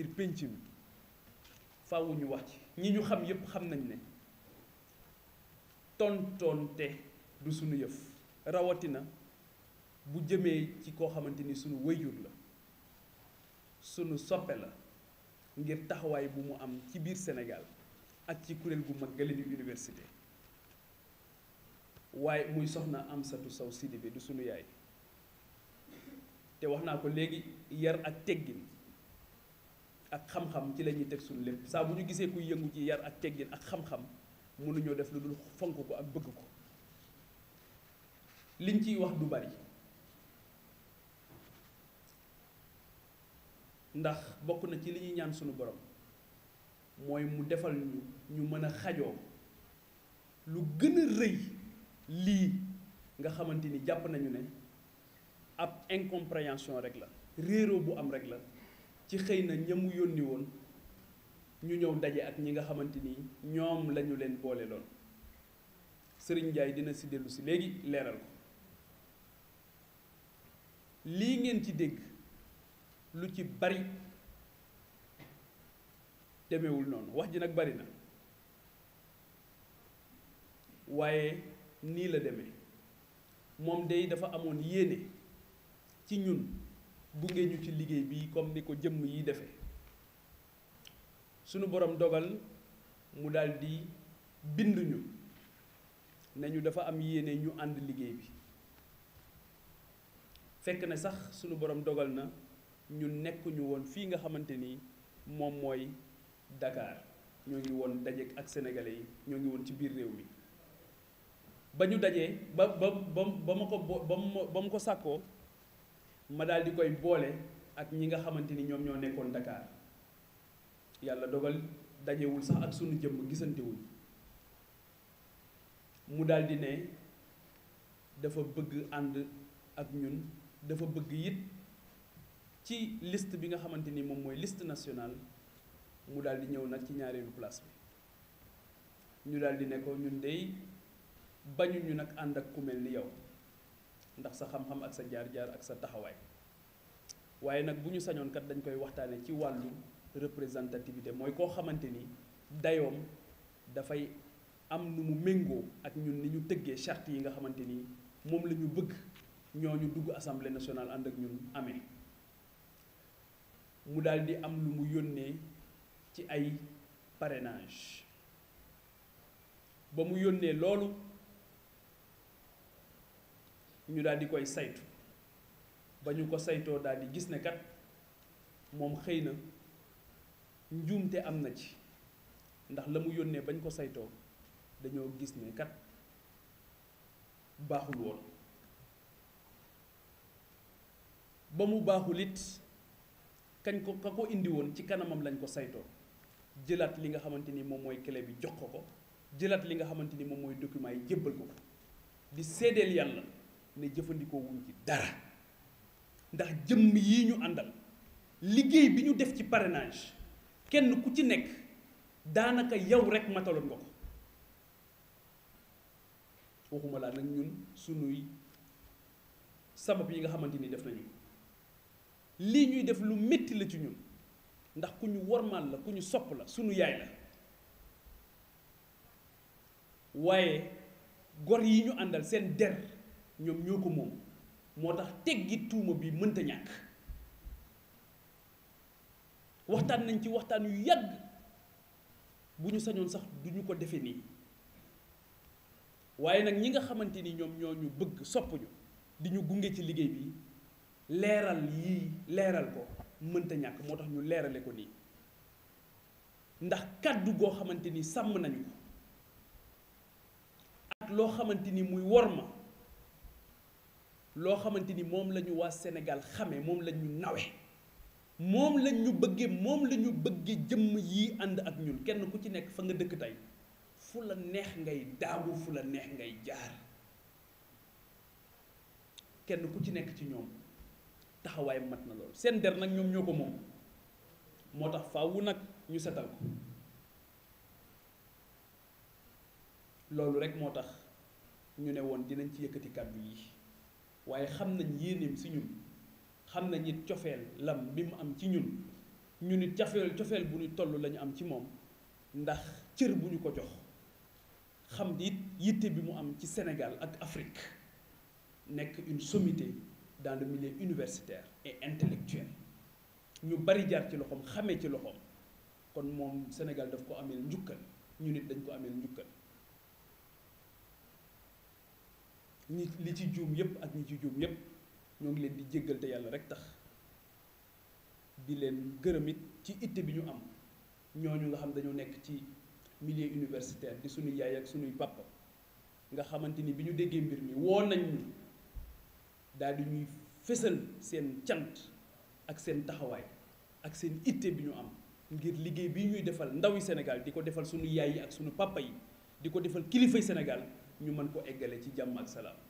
biir pénc mi faaw wax ci ñi ñu xam yépp xam nañ ne tontonte du sunu yëf rawatina bu jëmee ci koo xamante ni sunu wayjur la sunu soppe la ngir taxawaay bu mu am ci biir Sénégal ak ci kuréel gu mag gale université waaye muy soxna Amsatou Sow Sidibé du sunu yaay te wax naa ko léegi yar ak teggin ak xam-xam ci lañuy teg suñu lépp saa bu ñu gisee kuy yëngu ci yar ak teggin ak xam-xam mënuñoo def lu dul fonk ko ak bëgg ko liñ ciy wax du bari ndax bokk na ci li ñuy ñaan suñu borom mooy mu defal ñu ñu mën a xajoo lu gën a rëy lii nga xamante ni jàpp nañu ne ab incompréhension rek la réero bu am rek la ci xëy na ña mu yónni woon ñu ñëw daje ak ñi nga xamante ni ñoom lañu leen boole loon Serigne Ndiaye dina si dellu si léegi leeral ko lii ngeen ci dégg lu ci bari demewul noonu wax ji nag bari na waaye nii la demee moom day dafa amoon yéene ci ñun gunge ñu ci liggéey bi comme ni ko jëmm yi defe sunu borom dogal mu daldi bind ñu ne ñu dafa am yéene ñu ànd liggéey bi fekk na sax sunu borom dogal na ñu nekkuñu woon fii nga xamante ni moom mooy Dakar ñoo ngi woon daje ak sénégalais yi ñoo ngi woon ci biir réew mi ba ñu dajee ba ba ba ma ko ba ma ko sàkkoo ma daal di koy boole ak ñi nga xamante ni ñoom ñoo nekkoon Dakar yàlla dogal dajewul sax ak sunu jëmm gisantewul mu daldi ne dafa bëgg ànd ak ñun dafa bëgg it ci list bi nga xamante ni moom mooy list nationale mu daal di ñëw nag ci ñaareelu place bi ñu daal di ne ko ñun dey bañuñu nag ànd ak ku mel ni yow. ndax sa xam-xam ak sa jaar-jaar ak sa taxawaay waaye nag bu ñu sañoon dañ koy waxtaanee ci wàllu représentativité mooy koo xamante ni dayoom dafay am nu mu méngoo ak ñun ni ñu tëggee charte yi nga xamante ni moom la ñu bëgg ñu dugg assemblée nationale ànd ak ñun amee mu daal di am lu mu yónnee ci ay parrainage ba mu yónnee loolu. ñu daal di koy saytu ba ñu ko saytoo daal di gis ne kat moom xëy na njuumte am na ci ndax la mu yónnee bañ ko saytoo dañoo gis ne kat baaxul woon ba mu baaxul it kañ ko ka ko indi woon ci kanamam lañ ko saytoo jëlaat li nga xamante ni moom mooy clé bi jox ko ko jëlaat li nga xamante ni moom mooy document yi jébbal ko di seedeel yàlla ne jëfandikoo wuñ ci dara ndax jëmm yi ñu àndal liggéey bi ñu def ci parenage kenn ku ci nekk daanaka yow rek mataloon nga ko waxuma nag ñun sunuy sabab yi nga xamante ni def nañu lii ñuy def lu metti la ci ñun ndax ku ñu wormaal la ku ñu sopp la sunu yaay la waaye gor yi ñu àndal seen der ñoom ñoo ko moom moo tax teggi tuuma bi mënta ñàkk waxtaan nañ ci waxtaan yu yàgg bu ñu sañoon sax du ñu ko defe nii waaye nag ñi nga xamante ni ñoom ñoo ñu bëgg sopp ñu di ñu gunge ci liggéey bi leeral yii leeral ko mënta ñàkk moo tax ñu leerale ko nii ndax kàddu goo xamante ni sàmm nañu ko ak loo xamante ni muy wor ma loo xamante ni moom lañu ñu waa Sénégal xamee moom la ñu nawe moom la ñu bëggee moom la ñu bëggee jëmm yi ànd ak ñun kenn ku ci nekk fa nga dëkk tey fu la neex ngay daagu fu la neex ngay jaar kenn ku ci nekk ci ñoom taxawaay mat na loolu seen der nag ñoom ñoo ko moom moo tax faawu nag ñu setal ko loolu rek moo tax ñu ne woon dinañ ci yëkkati kàddu yi waaye xam nañ yéeneem si ñun xam nañ cofeel lam bi mu am ci ñun ñu nit cofeel cofeel bu ñu tollu lañu am ci moom ndax cër bu ñu ko jox xam it yitte bi mu am ci Sénégal ak Afrique nekk une sommité dans le universitaire et intellectuel ñu bari jaar ci loxoom xamee ci loxoom kon moom Sénégal daf ko ameel njukkal ñu nit dañ ko ameel njukkal ñi li ci juum yépp ak ñi ci juum yépp ñoo ngi leen di jéggal yàlla rek tax di leen gërëm it ci itte bi ñu am ñooñu nga xam dañoo nekk ci milieu universitaire di suñuy yaay ak suñuy papa nga xamante ni bi ñu déggee mbir mi woo nañ ñu daal di ñuy fësal seen cant ak seen taxawaay ak seen itte bi ñu am ngir liggéey bi ñuy defal ndawi Sénégal di ko defal suñu yaay yi ak suñu papa yi di ko defal kilifay Sénégal ñu mën ko eggale ci jàmm ak salaam